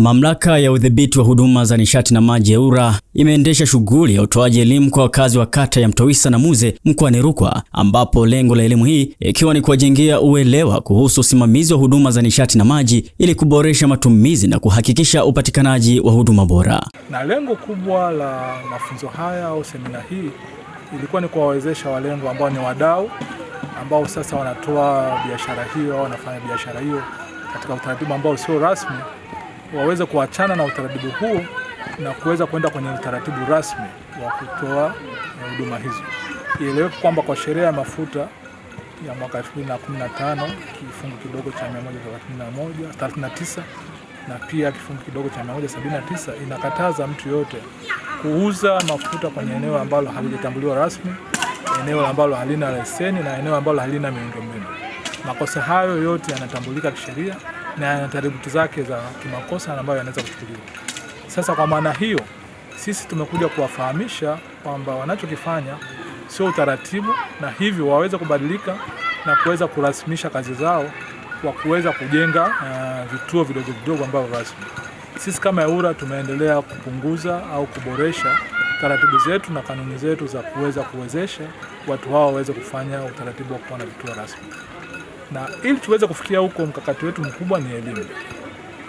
Mamlaka ya udhibiti wa huduma za nishati na maji EWURA imeendesha shughuli ya utoaji elimu kwa wakazi wa kata ya Mtowisa na Muze mkoani Rukwa, ambapo lengo la elimu hii ikiwa ni kuwajengea uelewa kuhusu usimamizi wa huduma za nishati na maji ili kuboresha matumizi na kuhakikisha upatikanaji wa huduma bora. Na lengo kubwa la mafunzo haya au semina hii ilikuwa ni kuwawezesha walengo ambao ni wadau ambao sasa wanatoa biashara hiyo au wanafanya biashara hiyo katika utaratibu ambao sio rasmi waweze kuachana na utaratibu huu na kuweza kwenda kwenye utaratibu rasmi wa kutoa eh, huduma hizo. Ieleweke kwamba kwa sheria ya mafuta ya mwaka 2015 kifungu kidogo cha 131 39 na pia kifungu kidogo cha 179 inakataza mtu yoyote kuuza mafuta kwenye eneo ambalo halijatambuliwa rasmi, eneo ambalo halina leseni na eneo ambalo halina miundombinu. Makosa hayo yote yanatambulika kisheria na taratibu zake za kimakosa ambayo yanaweza kuchukuliwa. Sasa kwa maana hiyo, sisi tumekuja kuwafahamisha kwamba wanachokifanya sio utaratibu, na hivyo waweze kubadilika na kuweza kurasimisha kazi zao kwa kuweza kujenga uh, vituo vidogo vidogo ambavyo rasmi. Sisi kama EWURA tumeendelea kupunguza au kuboresha taratibu zetu na kanuni zetu za kuweza kuwezesha watu hao waweze kufanya utaratibu wa kuwa na vituo rasmi na ili tuweze kufikia huko, mkakati wetu mkubwa ni elimu.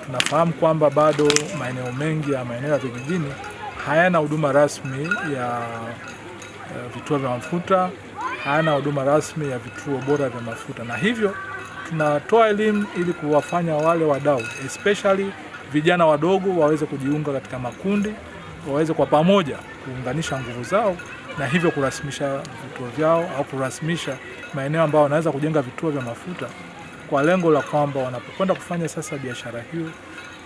Tunafahamu kwamba bado maeneo mengi ya maeneo ya vijijini hayana huduma rasmi ya eh, vituo vya mafuta, hayana huduma rasmi ya vituo bora vya mafuta, na hivyo tunatoa elimu ili kuwafanya wale wadau especially vijana wadogo waweze kujiunga katika makundi, waweze kwa pamoja kuunganisha nguvu zao na hivyo kurasimisha vituo vyao au kurasimisha maeneo ambayo wanaweza kujenga vituo vya mafuta kwa lengo la kwamba wanapokwenda kufanya sasa biashara hiyo,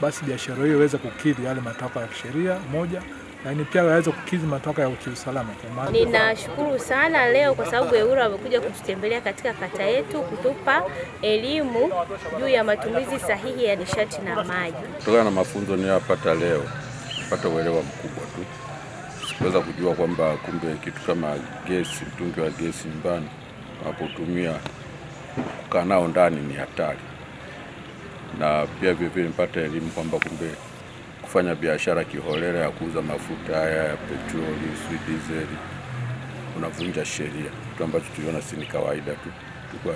basi biashara hiyo iweze kukidhi yale matakwa ya kisheria moja, lakini pia waweze kukidhi matakwa ya kiusalama. Ninashukuru sana leo kwa sababu EWURA wamekuja kututembelea katika kata yetu kutupa elimu juu ya matumizi sahihi ya nishati na maji. Kutokana na mafunzo niliyopata leo, pata uelewa mkubwa tu sikuweza kujua kwamba kumbe kitu kama gesi, mtungi wa gesi nyumbani unapotumia kukaa nao ndani ni hatari, na pia vilevile nipata elimu kwamba kumbe kufanya biashara kiholela ya kuuza mafuta haya ya petroli, sijui dizeli, unavunja sheria, kitu ambacho tuliona si ni kawaida tu tulikuwa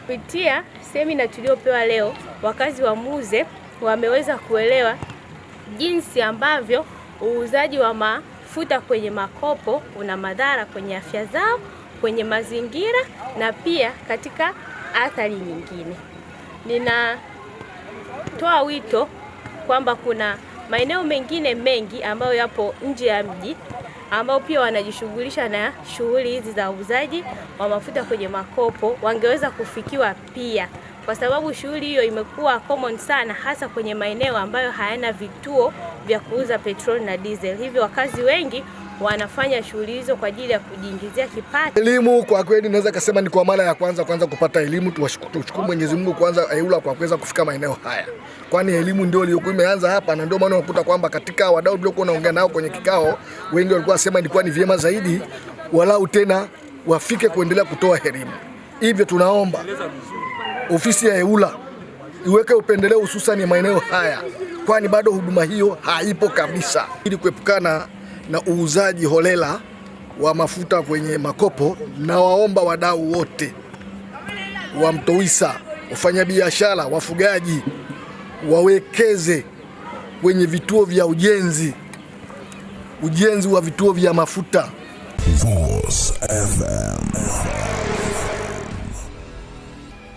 Kupitia semina tuliopewa leo, wakazi wa Muze wameweza kuelewa jinsi ambavyo uuzaji wa ma kufuta kwenye makopo una madhara kwenye afya zao, kwenye mazingira na pia katika athari nyingine. Ninatoa wito kwamba kuna maeneo mengine mengi ambayo yapo nje ya mji ambao pia wanajishughulisha na shughuli hizi za uuzaji wa mafuta kwenye makopo wangeweza kufikiwa pia kwa sababu shughuli hiyo imekuwa common sana, hasa kwenye maeneo ambayo hayana vituo vya kuuza petroli na diesel. Hivyo wakazi wengi wanafanya shughuli hizo kwa ajili ya kujiingizia kipato. Elimu kwa kweli naweza kusema ni kwa mara ya kwanza kwanza kupata elimu, tuwashukuru Mwenyezi Mungu kwanza Ayula eh, kwa kuweza kufika maeneo haya, kwani elimu ndio iliyokuwa imeanza hapa, na ndio maana unakuta kwamba katika wadau tuliokuwa naongea nao kwenye kikao, wengi walikuwa wasema ilikuwa ni vyema zaidi walau tena wafike kuendelea kutoa elimu. Hivyo tunaomba ofisi ya EWURA iweke upendeleo hususani maeneo haya, kwani bado huduma hiyo haipo kabisa, ili kuepukana na uuzaji holela wa mafuta kwenye makopo. Na waomba wadau wote wa Mtowisa, wafanyabiashara, wafugaji wawekeze kwenye vituo vya ujenzi, ujenzi wa vituo vya mafuta. Voice FM.